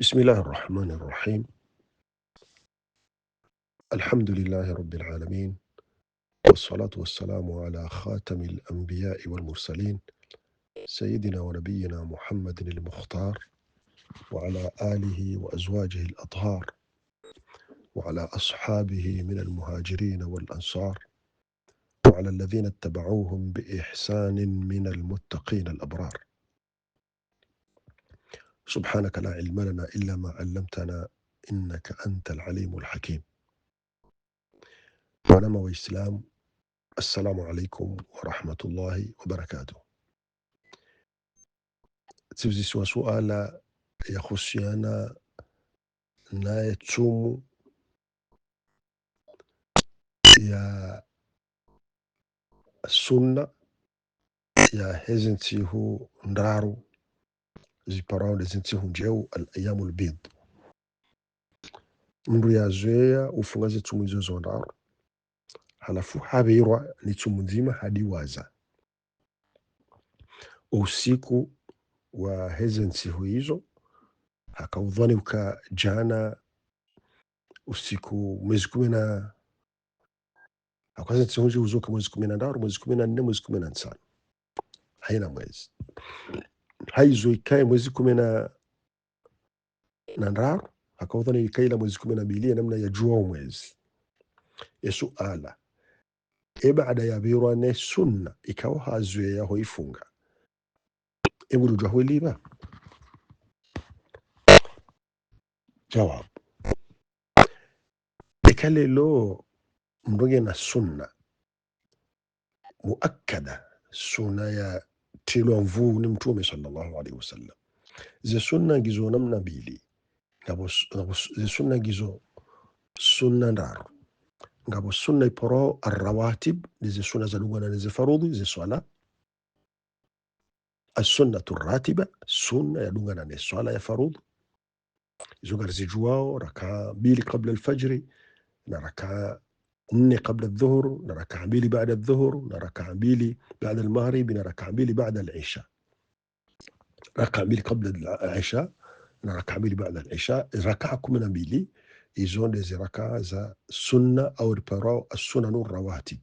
بسم الله الرحمن الرحيم الحمد لله رب العالمين والصلاة والسلام على خاتم الأنبياء والمرسلين سيدنا ونبينا محمد المختار وعلى آله وأزواجه الأطهار وعلى أصحابه من المهاجرين والأنصار وعلى الذين اتبعوهم بإحسان من المتقين الأبرار سبحانك لا علم لنا إلا ما علمتنا إنك أنت العليم الحكيم ونما وإسلام السلام عليكم ورحمة الله وبركاته تفزي سؤال يخصينا لا يتوم يا السنة يا هو نرارو ji parents les nti hunjeu al ayamul bid mndu yazoea ufunga zitumu hizo halafu havirwa ni tumu nzima hadi waza usiku wa hezensihu hizo hakaudhani uka jana usiku mwezi kumi na akwanza tsiunji uzuka mwezi kumi na ndaru mwezi kumi na nne mwezi kumi na nsano haina mwezi haizo ikae mwezi kumi na na ndaro ikae ikaila mwezi kumi na mbili namna ya jua mwezi esuala e ebaada ya birwane sunna ikawa hazwe yaho ifunga ebulujwa hweliba jawabu ekalelo mndonge na sunna muakkada sunna ya tilwanvu ni mtume sallallahu alaihi wasallam ze sunna gizo namna bili sunna gizo sunna ndaru ngabo sunna iporo arrawatib ze sunna zadugana ze farudhi ze swala assunnatu ratiba sunna yadungana ni swala ya farudhi izo ngari zijuwao rakaa mbili kabla alfajri na rakaa نني قبل الظهر نرى كعبيلي بعد الظهر نرى كعبيلي بعد المغرب نرى كعبيلي بعد العشاء بيلي قبل العشاء نرى كعبيلي بعد العشاء ركع كمنا بيلي يزون لزي ركع زا سنة أو البراو السنن الرواتب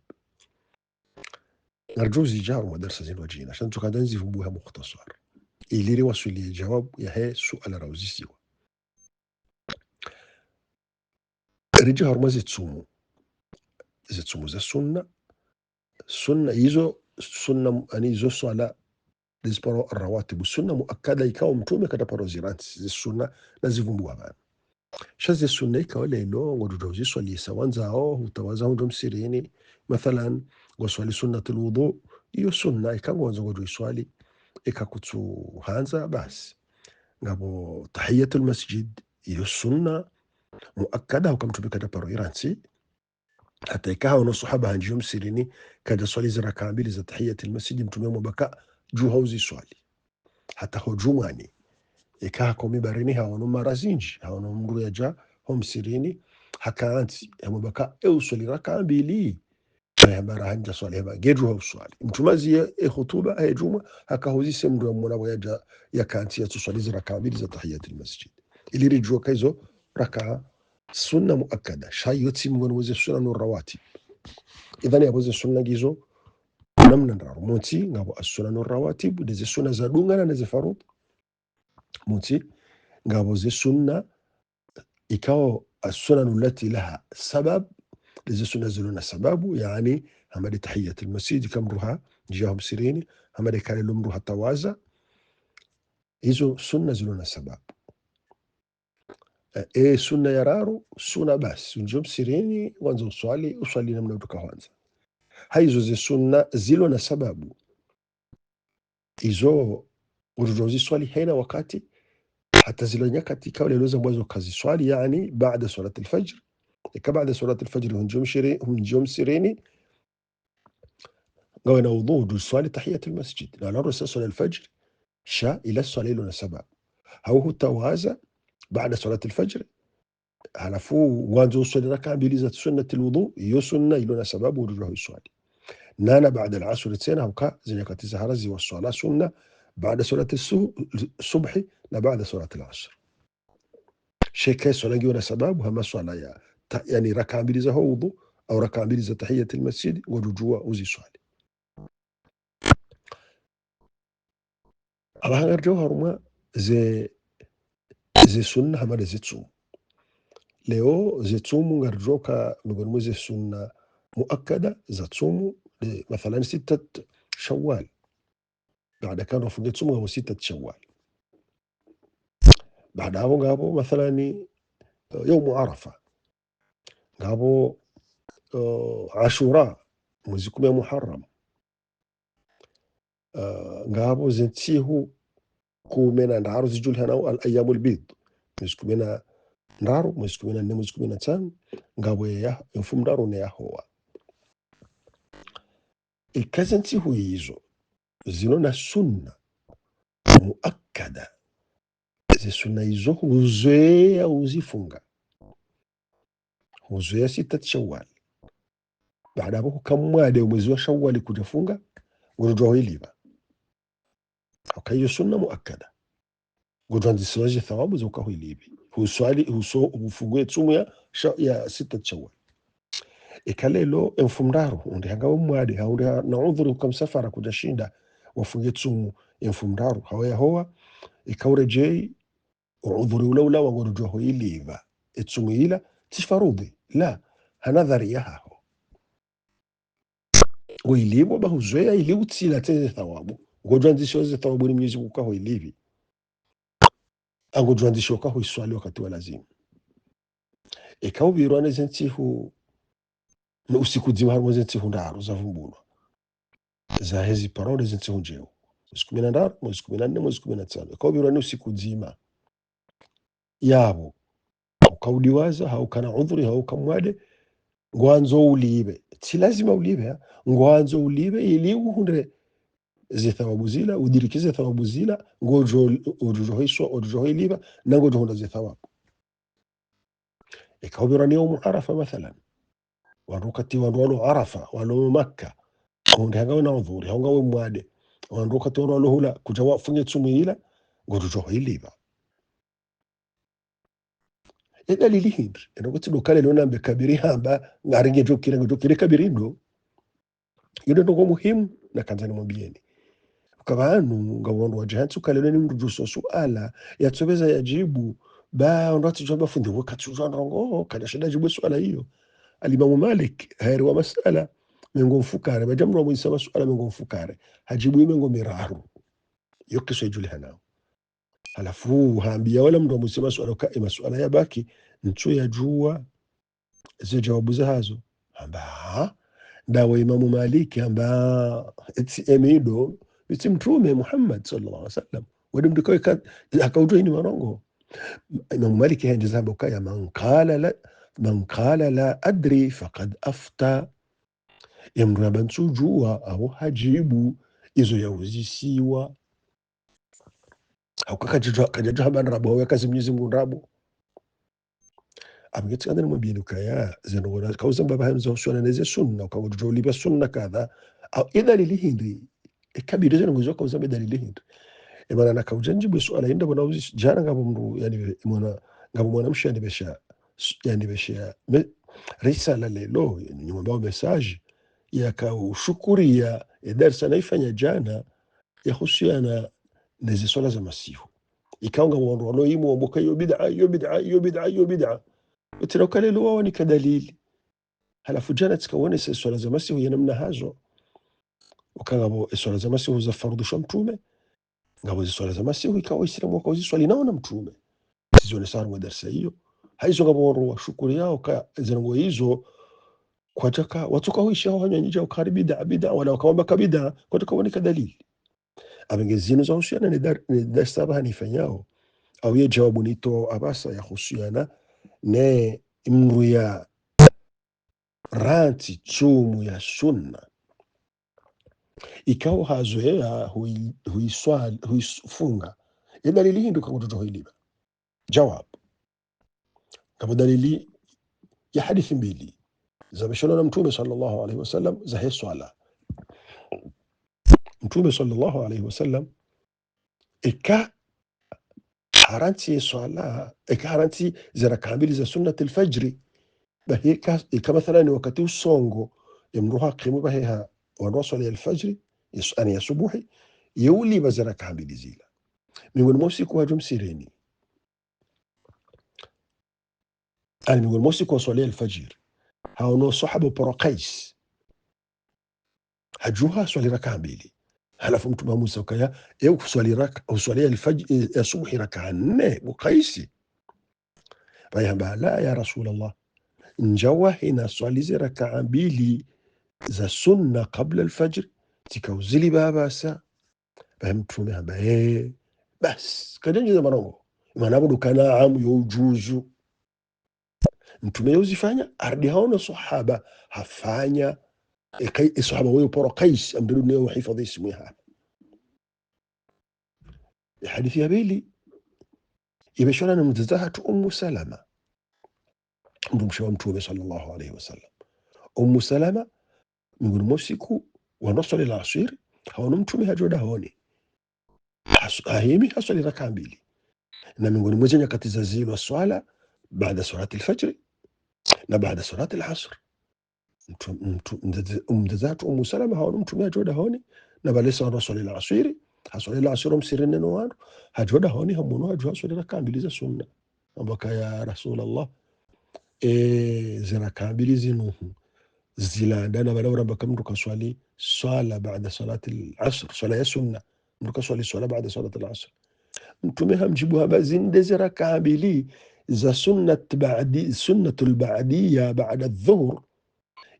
نرجو جار مدرسة زين وجهين عشان كان تنزي فبوها مختصر إلي ريواسو لي الجواب يهي سؤال روزي سيوا رجع هرمزي تسومو zitumuze sunna sunna hizo sunna ani hizo swala ziparo rawatibu sunna muakkada ikawa mtume kataparo ziransi zisunna nazivumbua bana shazi sunna ikawa lelo ngodudo ziswalisa wanzao utawaza hundo msirini mathalan ngoswali sunnatul wudu iyo sunna ikangonza ngodu iswali ikakutuhanza basi ngabo tahiyatul masjid iyo sunna muakkada ukamtumika taparo iransi atakaa wanaosohaba hanjihom sirini kaja swali hizi rakaa mbili za tahiyati lmasjidi mtume mwabaka juu hauzi swali hata hojumani ikaa komibarini hawono marazinji hawono mndu yaja homsirini hakaanti hamwabaka euswali rakaa mbili hebara hanja swali heba gedu hauswali mtumaziye ekhutuba hejuma hakahuzise mndu yamwonabo yaja yakanti yatuswali hizi rakaa mbili za tahiyati lmasjidi ilirijua kaizo rakaa sunna muakkada shayotsi miongoni mwa sunna no rawatib idhani hapo zile sunna gizo namna ndaro motsi ngabo as no rawatib deze sunna za dungana na ze farud motsi ngabo ze sunna ikawa as-sunna allati laha sabab deze sunna zilona sababu yani hamadi tahiyat al-masjid kamruha jahum sirini hamadi kale lumruha tawaza hizo sunna zilona sababu e, sunna ya raru sunna basi unjio msirini wanza uswali uswali namna utakavyoanza haizo ze sunna zilo na sababu izo swali haina wakati hata zilo nyakati ile loza mwanzo kazi swali yani baada salat alfajr e, ka baada salat alfajr hunjio msirini hunjio msirini gawe na du swali tahiyat almasjid na laro sala alfajr sha ila swali lo na sababu au tawaza بعد صلاة الفجر على فو وانزو صدر كان بيليزة سنة الوضوء يو سنة يلونا سبب ورجوه السؤال نانا بعد العصر تسينا هكا زنكا تزهرزي والصلاة سنة بعد صلاة الصبح لا بعد صلاة العصر شيكي صلاة يونا سبب وهما صلاة يعني ركع بيليزة هو وضوء أو ركع بيليزة تحية المسجد ورجوه وزي سؤال أبا هنرجوها رما زي zesun hamada zetsum leo zetsumu ngarjoka nugonmu zesunna مؤكدة زاتسومو مثلا ستة شوال بعد كانوا في جاتسومو هو ستة شوال بعد هابو غابو مثلا يوم عرفة غابو عاشوراء مزيكم يا محرم غابو زنتسيهو كومين عند عرض جولهنا الأيام البيض mwezi kumi na ndaru mwezi kumi na nne mwezi kumi na tano ngawe ya mfumu ndaru ne yahowa ntsihu yizo zino na sunna muakada zisunna izo huzoea uzifunga huzoea sita shawali baada hapo kukamwade mwezi wa shawali kujafunga urujwa hiliva okay hiyo sunna muakada Goodrandisola thawabu wabuze ukaho ilipi. Huswali huso ufungue tsumu ya, ya sita chawa Ikalelo enfumdaro undi hanga mwadi haundi na udhuri ukamsafara kujashinda wafunge tsumu enfumdaro hawaya hoa ikaurejei udhuri ulaula wangorujwaho iliva etsumu ila tisfarudhi la hanadhari yahaho ngo ilibwa bahuzweya ili utila teze thawabu ngojwa nzishoze thawabu ni mnyezi kukaho ilivi angojwanzisha kwaho iswali wakati wa lazima eka mubirwa neze ntsihu usiku zima harimo ze ntsihu ndaro zavumbulwa zahezi parole ze ntsihu njeo mwezi kumi na ndaro mwezi kumi na nne mwezi kumi na tano eka mubirwa ni usiku zima yavo haukaudiwaza haukana udhuri haukamwade ngwanzo ulibe si lazima ulibe ngwanzo ulibe ili uhundre zethawabu zila udirikize thawabu zila ngojohiswa ojohiliva nango zithawabu zethawabu ikawbirani yaumu arafa mathalan wanrukati wandu walo arafa walo makka ongehangawe na udhuri haungawe mwade wanrukati wandu walohula kuja wafunye tsumiila ngojojohiliva edalili hindri enokuti dokale lonambe kabiri hamba ngaringe jokira ngejokire kabiri ndo yudo ndoko muhimu na kanzani mwambieni vanhu ngawandu wajihatsuka lelo ni mndu suala ya jibu ba ondu atijwa wa katsuzwa ndongo oh, kada shida jibu suala hiyo alimamu malik hairi wa masala mengo mfukare bajamru wa mwisa masuala mengo mfukare hajibu mengo miraru suwe juli hanao halafu haambia wala mdu mndu amwisa masuala ka masuala nchu ya juwa zio jawabu za zahazo amba dawa imamu maliki amba emido basi Mtume Muhammad sallallahu alaihi wasallam wadi mndu akautua ini marongo Imamu Maliki haendezabokaya man qala la adri fakad afta ya mndu abantsujuwa au hajibu izo yauzisiwa haukakajatu habanrabo hauyakazi Mwenyezi Mungu nrabo amgetsikana nimwambieni kaya zenoona kauzambaba hamza usuana neze sunna ukawajuta ulipa sunna kadha au idha lilihindi ikabiriza ni zoka kauza dalili hindu imana e, na kaujanji bwesu alaenda bwana uzi jana ngabo mru yani mwana ngabo mwanamshi yani besha yani besha risala lelo nyumba message yakaushukuri darsa naifanya jana yahusiana nezi swala za masihu ikaonga mwandu aloimu wamboka hiyo bid'a hiyo bid'a hiyo bid'a hiyo bid'a utiraukalelo wao wani kadalili halafu jana tikaone swala za masihu ya namna hazo ukagabo eswala za masihu za fardhu sha mtume ngabo swala za masihu ikawa waislamu swali nao na mtume zionesarwa darsa hiyo haizo ngabo wa shukuri yao ka zirango hizo kwa kwataka watuka hoisha hanyanyija ukari bida bida wala wakawamba kabida taka wani kadalili abenge zinu za husiana ni dar ni darsa bahani fanyao au ye jawabu nito abasa ya husiana ne imru ya ranti chumu ya sunna Ikawa hazoea huifunga hui hui, ile dalili hii ndio kama mtoto huiliba. Jawab kama dalili ya hadithi mbili za bishara na Mtume sallallahu alaihi wasallam za hii swala. Mtume sallallahu alaihi wasallam ika haranti swala ika haranti za rakaa za sunnat alfajri bahika ika mathalan wakati usongo imruha qimu walwaswala ya alfajri, yaani ya subuhi, yeulibaza rakaa mbili zila Miongoni mosiku wajumsireni wa jumsireni, mosiku miongoni mwa usiku wa swala alfajiri, haonao sahaba uporokais hajuha swali rakaa mbili halafu Mtume Musa ukaya uswalia alfajr ya subhi rakaa nne bukaisi bayamba ya Rasulullah njawa hina swalize rakaa mbili za sunna kabla alfajri zikauzili basa baye mtume ambaye basi kadenjeza marongo manabudukana amu youjuzu mtume yauzifanya ardi haona sahaba hafanya sahaba huyo poro kais amdalu nayo hifadhi ismu ya hadithi ya pili imeshona na mtazahatu ummu salama mtume sallallahu alayhi wasallam ummu salama mngwini mwa siku wanaoswali la asiri mtume hajoda haone hahimi haswali rakaa na miongoni mwa nyakati za zilwa swala baada salati alfajri na baada salati alasr mdazatu umu salama hawana mtume hajoda haone na balesa wanaswali la asiri haswali la asiri wanu hajoda haone hamono hajo haswali rakaa za sunna ambaka ya rasulallah e ee, zirakaa mbili zinuhu zilaadana balawrabaka mndu kaswali swala baada salati lasr swala ya sunna mtu kaswali swala baada salati lasr mtume hamjibu haba zinde ziraka mbili za baadi sunnatu lbaadia baada dhuhur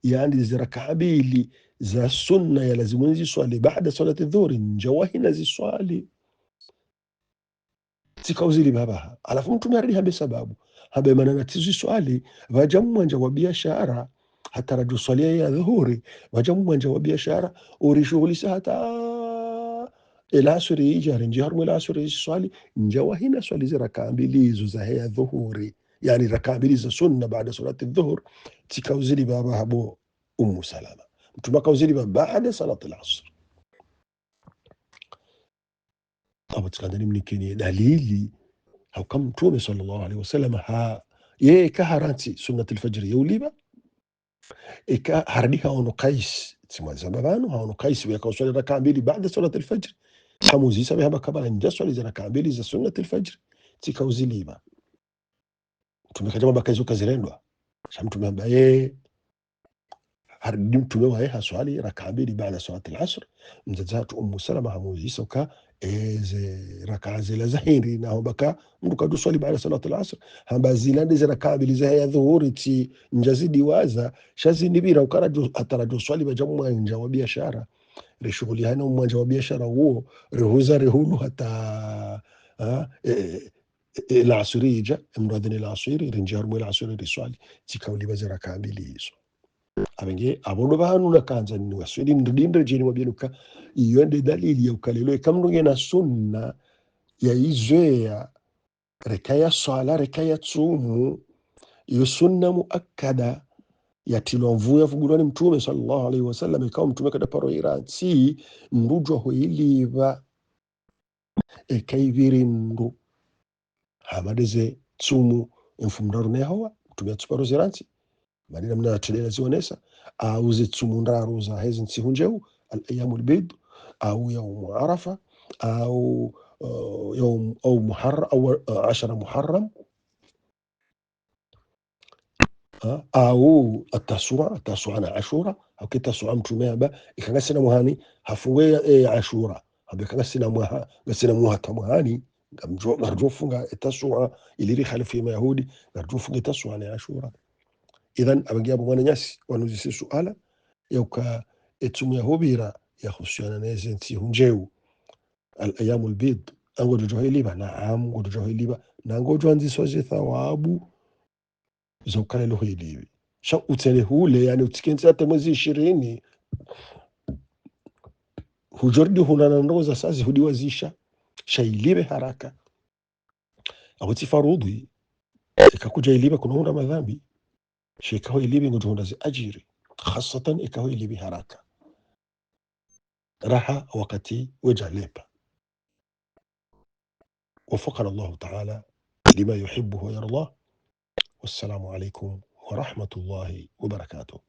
yani ziraka mbili za sunna ya lazima swali baada salati dhuhuri njawahina ziswali zikauzili babaha alafu mtume arili habe sababu habe manana swali vaja wa biashara hata hataraji swalia ya dhuhuri waja mwanja wa biashara urishughulisa hata elaswiri ijari nje harmu elaswiri swali nje wahina swali zira kambili izo za hea dhuhuri yani rakaa mbili za sunna baada salati dhuhur tikauzili baba habo ummu salama mtume kauziliba baada salati lasr abo tikandani mnikini dalili haukam mtume sallallahu alaihi wasallam ha yeye kaharanti sunnati lfajiri yauliba ika eka hardhiha ono vanu simalizababano haono qais weyakauswali rakaa mbili baada salat lfajri samuzisave haba kabala nja swali za rakaa mbili za sunnat lfajri tikauziliva mtume mabakaizo kazirendwa zirendwa samtume ambaye har dimtume waye ha swali raka'a mbili baada salati al-asr mzazatu ummu salama hamuzisauka eze rakaa zila zahiri naho baka mndu kaduswali baada salati al hamba zilande rakaa mbili zahe dhuhuri ti njazidi waza shazinibira ukarajo atarajo swali baja mwanja wa biashara rishughuli hana mwanja wa biashara huo rehuza rehulu hata ha, e, e, e lasiri ija mradhini lasiri rinjaharumwe lasiri riswali zikaulibaze rakaa mbili hizo abengi abono bahanula kanza niwaso lindre lindre jeni mwabinuka iyo nde dalili ya ukalelo ikamnunge na sunna ya izoea reka ya swala reka ya tsumu iyo sunna muakkada ya ya mvuya ni mtume sallallahu alaihi wasallam ikao mtume kada paro iransi ndujwa hoiliva ekaiviri mndu hamadeze tsumu mfumdaru emfumdarunehowa mtume atsuparo ziransi بعدين منها تلينا زوانيسا أو زيت سمونرا راروزا هيزن سيهونجاو الأيام البيض أو يوم عرفة أو يوم أو محرم أو عشرة محرم أو التسوع التسوع أنا عشورة أو كي تسوع متوميا با سنه مهاني هفوي عشورة هبي سنه مها سنه مها تمهاني نرجو نرجو فوق التسوع اللي ريخ على في يهودي نرجو فوق التسوع أنا عشورة idhan abangiyapo mwana nyasi wanuzise suala yauka etumu yahubira na neze hunjeu al alayamu lbid angojojoha iliba naam ngojojoha iliba nangojo anziswa je thawabu zaukana luhu ilibi sha utene hule yani utikenzi hata mwezi ishirini hujordi hunana ndogo za sazi hudiwazisha shailibe haraka awuti farudhi ikakuja kuna hunda madhambi شي كهوي اللي بيقول هنا اجيري خاصه كهوي اللي بيها راكا راحه وقتي وجاليبا وفقنا الله تعالى لما يحبه ويرضاه الله والسلام عليكم ورحمه الله وبركاته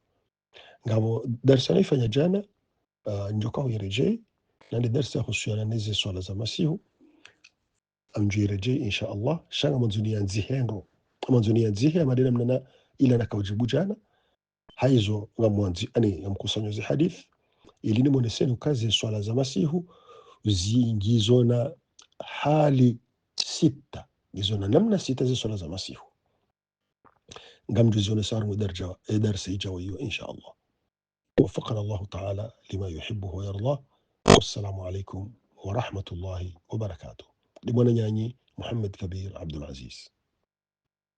قاموا درس نيفا جانا آه، نجوكو يرجي لان درس خصوصا نزي صلاه مسيح ام رجي ان شاء الله شان من زنيان زيهنرو من زنيان مننا ila nakaujibu jana haizo nga mwanzi ani nga mkusanyo zi hadithi ilini mwenesenu kazi swala za masihu ziingizona hali sita ngizo na namna sita zi swala za masihu ngamjuzione sarumu eh, darsa ijawa hiyo insha allah وفقنا الله تعالى لما يحبه ويرضاه والسلام عليكم ورحمة الله وبركاته لمن nyanyi محمد kabir عبد العزيز